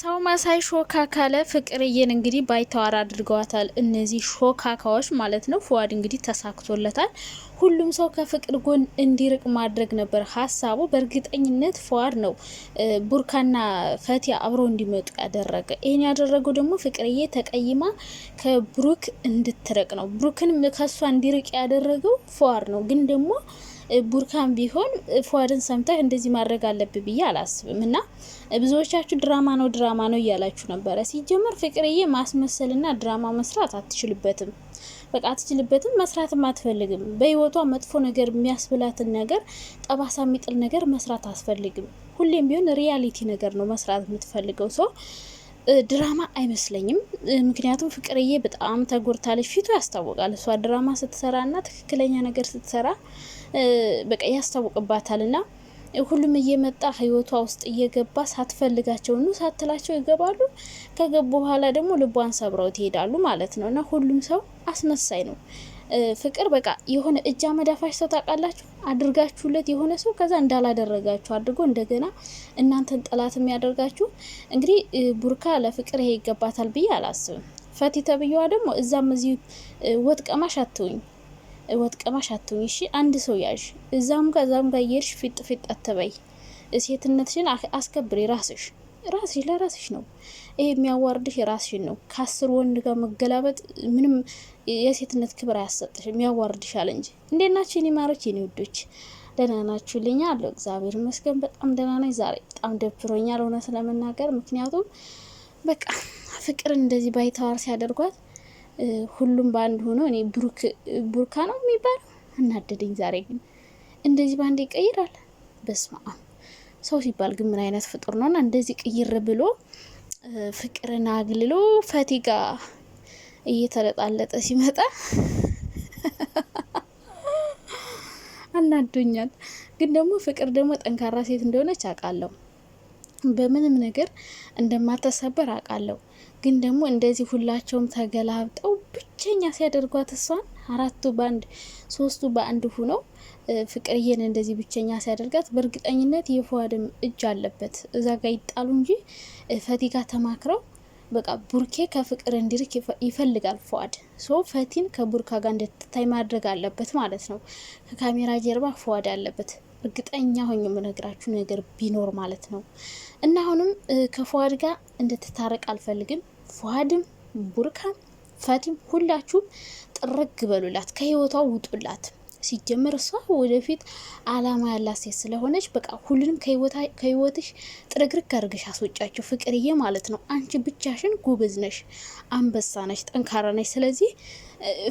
ሰው መሳይ ካለ ፍቅርዬን እንግዲህ ባይተዋር አድርገዋታል እነዚህ ሾካካዎች ማለት ነው። ፍዋድ እንግዲህ ተሳክቶለታል። ሁሉም ሰው ከፍቅር ጎን እንዲርቅ ማድረግ ነበር ሀሳቡ። በእርግጠኝነት ፍዋድ ነው ቡርካና ፈቲ አብረው እንዲመጡ ያደረገ። ይህን ያደረገው ደግሞ ፍቅርዬ ተቀይማ ከብሩክ እንድትርቅ ነው። ብሩክን ከሷ እንዲርቅ ያደረገው ፍዋድ ነው ግን ደግሞ ቡርካን ቢሆን ፏድን ሰምተህ እንደዚህ ማድረግ አለብህ ብዬ አላስብም። እና ብዙዎቻችሁ ድራማ ነው ድራማ ነው እያላችሁ ነበረ። ሲጀመር ፍቅርዬ ማስመሰልና ድራማ መስራት አትችልበትም። በቃ አትችልበትም፣ መስራትም አትፈልግም። በህይወቷ መጥፎ ነገር የሚያስብላትን ነገር፣ ጠባሳ የሚጥል ነገር መስራት አስፈልግም ሁሌም ቢሆን ሪያሊቲ ነገር ነው መስራት የምትፈልገው ሰው ድራማ አይመስለኝም። ምክንያቱም ፍቅርዬ በጣም ተጎድታለች፣ ፊቱ ያስታውቃል። እሷ ድራማ ስትሰራ እና ትክክለኛ ነገር ስትሰራ በቃ ያስታውቅባታል ና ሁሉም እየመጣ ህይወቷ ውስጥ እየገባ ሳትፈልጋቸው ኑ ሳትላቸው ይገባሉ። ከገቡ በኋላ ደግሞ ልቧን ሰብረው ትሄዳሉ ማለት ነው እና ሁሉም ሰው አስመሳይ ነው። ፍቅር በቃ የሆነ እጅ አመዳፋሽ ሰው ታውቃላችሁ፣ አድርጋችሁለት የሆነ ሰው ከዛ እንዳላደረጋችሁ አድርጎ እንደገና እናንተን ጠላት የሚያደርጋችሁ። እንግዲህ ቡርካ ለፍቅር ይሄ ይገባታል ብዬ አላስብም። ፈቲ ተብዬዋ ደግሞ እዛም እዚህ ወጥ ቀማሽ አትውኝ ወጥ ቀማሽ አትሁኝ። እሺ አንድ ሰው ያዥ፣ እዛም ጋር እዛም ጋር እየሄድሽ ፊጥ ፊጥ አትበይ። ሴትነትሽን አስከብሪ። ራስሽ ራስሽ ለራስሽ ነው። ይሄ የሚያዋርድሽ የራስሽን ነው። ከአስር ወንድ ጋር መገላበጥ ምንም የሴትነት ክብር አያሰጥሽ፣ የሚያዋርድሻል እንጂ። እንዴት ናችሁ የኔ ማሮች የኔ ውዶች? ደህና ናችሁ ልኛ አለው። እግዚአብሔር ይመስገን በጣም ደህና ነኝ። ዛሬ በጣም ደብሮኛል እውነት ለመናገር ምክንያቱም በቃ ፍቅር እንደዚህ ባይተዋር ሲያደርጓት ሁሉም በአንድ ሆኖ እኔ ብሩክ ቡርካ ነው የሚባለው አናደደኝ። ዛሬ ግን እንደዚህ በአንድ ይቀይራል። በስመ አብ ሰው ሲባል ግን ምን አይነት ፍጡር ነውና እንደዚህ ቅይር ብሎ ፍቅርን አግልሎ ፈቲጋ እየተለጣለጠ ሲመጣ አናዶኛል። ግን ደግሞ ፍቅር ደግሞ ጠንካራ ሴት እንደሆነች አውቃለሁ። በምንም ነገር እንደማተሰበር አውቃለሁ። ግን ደግሞ እንደዚህ ሁላቸውም ተገላብጠው ብቸኛ ሲያደርጓት እሷን አራቱ በአንድ ሶስቱ በአንድ ሁነው ፍቅርዬን እንደዚህ ብቸኛ ሲያደርጋት በእርግጠኝነት የፈዋድም እጅ አለበት። እዛ ጋር ይጣሉ እንጂ ፈቲጋ ተማክረው በቃ ቡርኬ ከፍቅር እንዲርክ ይፈልጋል ፏድ ሶ ፈቲን ከቡርካ ጋር እንድትታይ ማድረግ አለበት ማለት ነው። ከካሜራ ጀርባ ፏድ አለበት። እርግጠኛ ሆኜ የምነግራችሁ ነገር ቢኖር ማለት ነው። እና አሁንም ከፉአድ ጋር እንድትታረቅ አልፈልግም። ፉአድም ቡርካም ፈቲም ሁላችሁም ጥርግ በሉላት፣ ከህይወቷ ውጡላት። ሲጀመር እሷ ወደፊት አላማ ያላት ሴት ስለሆነች በቃ ሁሉንም ከህይወትሽ ጥርግርግ አድርገሽ አስወጫቸው፣ ፍቅርዬ ማለት ነው። አንቺ ብቻሽን ጉብዝ ነሽ፣ አንበሳ ነሽ፣ ጠንካራ ነሽ። ስለዚህ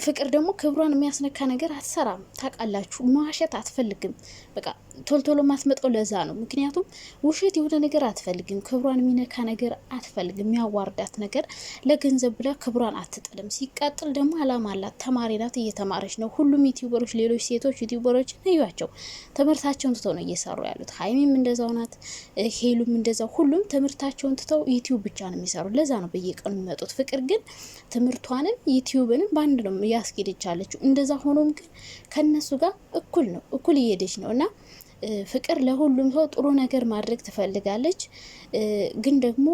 ፍቅር ደግሞ ክብሯን የሚያስነካ ነገር አትሰራም። ታውቃላችሁ፣ መዋሸት አትፈልግም። በቃ ቶልቶሎ ማትመጣው ለዛ ነው። ምክንያቱም ውሸት የሆነ ነገር አትፈልግም። ክብሯን የሚነካ ነገር አትፈልግም። የሚያዋርዳት ነገር ለገንዘብ ብላ ክብሯን አትጥልም። ሲቀጥል ደግሞ አላማ አላት። ተማሪ ናት፣ እየተማረች ነው። ሁሉም ዩቲዩበሮች፣ ሌሎች ሴቶች ዩቲዩበሮችን እዩዋቸው፣ ትምህርታቸውን ትተው ነው እየሰሩ ያሉት። ሀይሚም እንደዛው ናት፣ ሄሉም እንደዛው። ሁሉም ትምህርታቸውን ትተው ዩቲዩብ ብቻ ነው የሚሰሩ። ለዛ ነው በየቀኑ የሚመጡት። ፍቅር ግን ትምህርቷንም ዩቲዩብንም ወንድ ነው እያስኬደች አለችው። እንደዛ ሆኖም ግን ከነሱ ጋር እኩል ነው እኩል እየሄደች ነው እና ፍቅር ለሁሉም ሰው ጥሩ ነገር ማድረግ ትፈልጋለች። ግን ደግሞ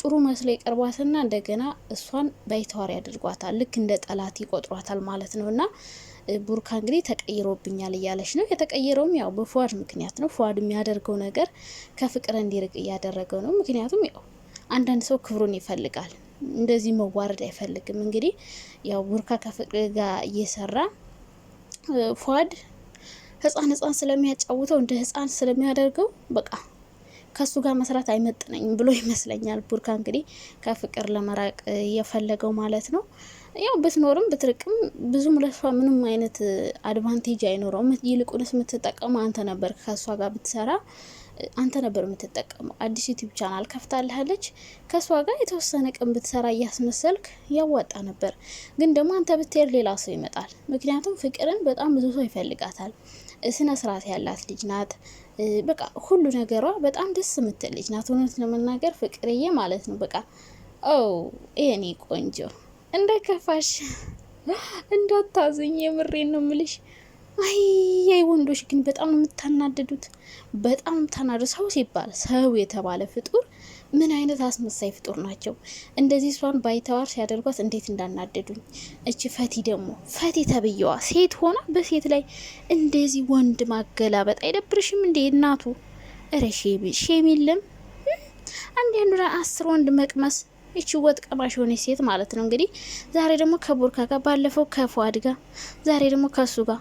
ጥሩ መስሎ ይቀርቧትና እንደገና እሷን ባይተዋር ያደርጓታል። ልክ እንደ ጠላት ይቆጥሯታል ማለት ነው እና ቡርካ እንግዲህ ተቀይሮብኛል እያለች ነው። የተቀየረውም ያው በፏድ ምክንያት ነው። ፏድ የሚያደርገው ነገር ከፍቅር እንዲርቅ እያደረገው ነው። ምክንያቱም ያው አንዳንድ ሰው ክብሩን ይፈልጋል። እንደዚህ መዋረድ አይፈልግም። እንግዲህ ያው ቡርካ ከፍቅር ጋር እየሰራ ፏድ ህፃን ህፃን ስለሚያጫውተው እንደ ህፃን ስለሚያደርገው በቃ ከሱ ጋር መስራት አይመጥነኝም ብሎ ይመስለኛል ቡርካ እንግዲህ ከፍቅር ለመራቅ እየፈለገው ማለት ነው። ያው ብትኖርም ብትርቅም ብዙም ለሷ ምንም አይነት አድቫንቴጅ አይኖረውም። ይልቁንስ የምትጠቀመው አንተ ነበር ከሷ ጋር ብትሰራ አንተ ነበር የምትጠቀመው። አዲስ ዩቲዩብ ቻናል ከፍታልሃለች። ከእሷ ጋር የተወሰነ ቀን ብትሰራ እያስመሰልክ ያዋጣ ነበር። ግን ደግሞ አንተ ብትሄድ ሌላ ሰው ይመጣል። ምክንያቱም ፍቅርን በጣም ብዙ ሰው ይፈልጋታል። ስነ ስርዓት ያላት ልጅ ናት። በቃ ሁሉ ነገሯ በጣም ደስ የምትል ልጅ ናት። እውነት ለመናገር ፍቅርዬ ማለት ነው። በቃ ኦ የኔ ቆንጆ እንደ ከፋሽ እንዳታዝኝ፣ የምሬን ነው ምልሽ አይ ወንዶች ግን በጣም ነው የምታናደዱት። በጣም ታናደ ሰው ሲባል ሰው የተባለ ፍጡር ምን አይነት አስመሳይ ፍጡር ናቸው! እንደዚህ እሷን ባይተዋር ሲያደርጓት እንዴት እንዳናደዱኝ። እቺ ፈቲ ደግሞ ፈቲ ተብየዋ ሴት ሆና በሴት ላይ እንደዚህ ወንድ ማገላበጥ አይደብርሽም እንዴ እናቱ? ረሼ ሼም የለም አንዱ አስር ወንድ መቅመስ ይቺ ወጥ ቀማሽ የሆነች ሴት ማለት ነው። እንግዲህ ዛሬ ደግሞ ከቡርካ ጋር፣ ባለፈው ከፏድ ጋር፣ ዛሬ ደግሞ ከሱ ጋር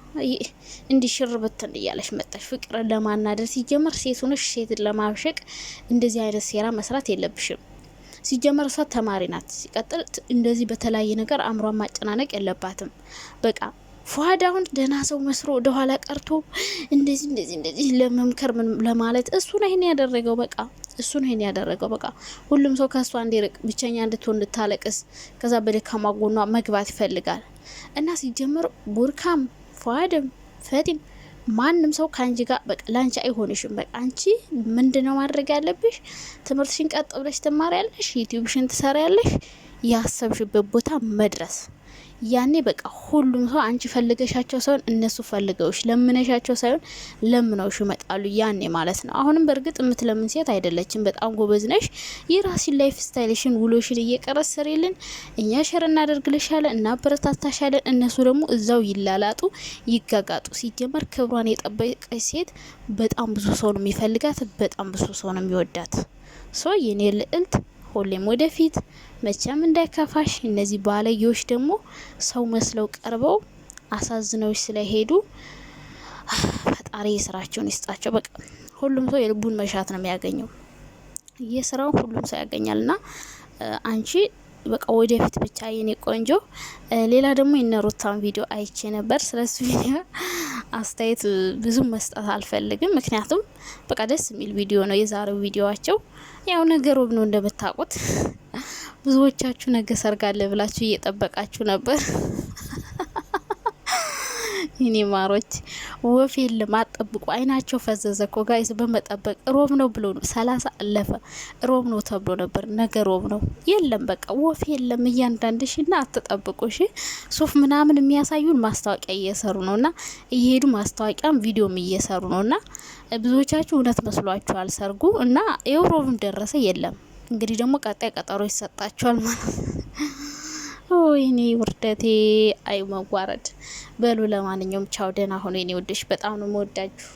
እንዲሽር ብትን እያለች መጣች። ፍቅርን ለማናደር ሲጀመር ሴት ሆነሽ ሴትን ለማብሸቅ እንደዚህ አይነት ሴራ መስራት የለብሽም። ሲጀመር እሷ ተማሪ ናት። ሲቀጥል እንደዚህ በተለያየ ነገር አእምሯን ማጨናነቅ የለባትም። በቃ ፏድ አሁን ደህና ሰው መስሮ ወደኋላ ቀርቶ እንደዚህ እንደዚህ እንደዚህ ለመምከር ለማለት እሱን አይን ያደረገው በቃ እሱ ነው ይሄን ያደረገው። በቃ ሁሉም ሰው ከእሷ እንዲርቅ፣ ብቸኛ እንድትሆን፣ እንድታለቅስ፣ ከዛ በደካማ ጎኗ መግባት ይፈልጋል እና ሲጀምር ቡርካም ፏድም ፈጢም ማንም ሰው ከአንቺ ጋር በቃ ለአንቺ አይሆንሽም። በቃ አንቺ ምንድነው ማድረግ ያለብሽ? ትምህርትሽን ቀጥ ብለሽ ትማሪያለሽ፣ ዩቲዩብሽን ትሰሪያለሽ፣ ያሰብሽበት ቦታ መድረስ ያኔ በቃ ሁሉም ሰው አንቺ ፈልገሻቸው ሳይሆን እነሱ ፈልገውሽ ለምነሻቸው ሳይሆን ለምነውሽ ይመጣሉ። ያኔ ማለት ነው። አሁንም በእርግጥ የምትለምን ሴት አይደለችም። በጣም ጎበዝ ነሽ። የራስሽን ላይፍ ስታይልሽን ውሎሽን እየቀረስ ስሪልን። እኛ ሸር እናደርግልሻለን፣ እናበረታታሻለን። እነሱ ደግሞ እዛው ይላላጡ፣ ይጋጋጡ። ሲጀመር ክብሯን የጠበቀች ሴት በጣም ብዙ ሰው ነው የሚፈልጋት፣ በጣም ብዙ ሰው ነው የሚወዳት። ሶ የኔ ልዕልት ሁሌም ወደፊት መቼም እንዳይከፋሽ። እነዚህ ባለጌዎች ደግሞ ሰው መስለው ቀርበው አሳዝነው ስለሄዱ ፈጣሪ የስራቸውን ይስጣቸው። በቃ ሁሉም ሰው የልቡን መሻት ነው የሚያገኘው። የስራውን ሁሉም ሰው ያገኛል እና አንቺ በቃ ወደፊት ብቻ የኔ ቆንጆ። ሌላ ደግሞ የነሩታን ቪዲዮ አይቼ ነበር። ስለሱ ቪዲዮ አስተያየት ብዙም መስጠት አልፈልግም፣ ምክንያቱም በቃ ደስ የሚል ቪዲዮ ነው የዛሬው ቪዲዮዋቸው። ያው ነገሩ ነው እንደምታውቁት ብዙዎቻችሁ ነገ ሰርጋለ ብላችሁ እየጠበቃችሁ ነበር። እኔ ማሮች ወፍ የለም አጠብቁ። አይናቸው ፈዘዘ ኮ ጋይስ በመጠበቅ ሮብ ነው ብሎ ነው ሰላሳ አለፈ ሮብ ነው ተብሎ ነበር። ነገ ሮብ ነው የለም፣ በቃ ወፍ የለም። እያንዳንድ ሺ ና አትጠብቁ። ሺ ሱፍ ምናምን የሚያሳዩን ማስታወቂያ እየሰሩ ነው ና እየሄዱ ማስታወቂያም ቪዲዮም እየሰሩ ነው ና ብዙዎቻችሁ እውነት መስሏችኋል ሰርጉ እና የሮብም ደረሰ የለም። እንግዲህ ደግሞ ቀጣይ ቀጠሮ ይሰጣቸዋል ማለት ነው። ወይኔ ውርደቴ፣ አይ መዋረድ። በሉ ለማንኛውም ቻው፣ ደህና ሆኖ የኔ ውዶች፣ በጣም ነው የምወዳችሁ።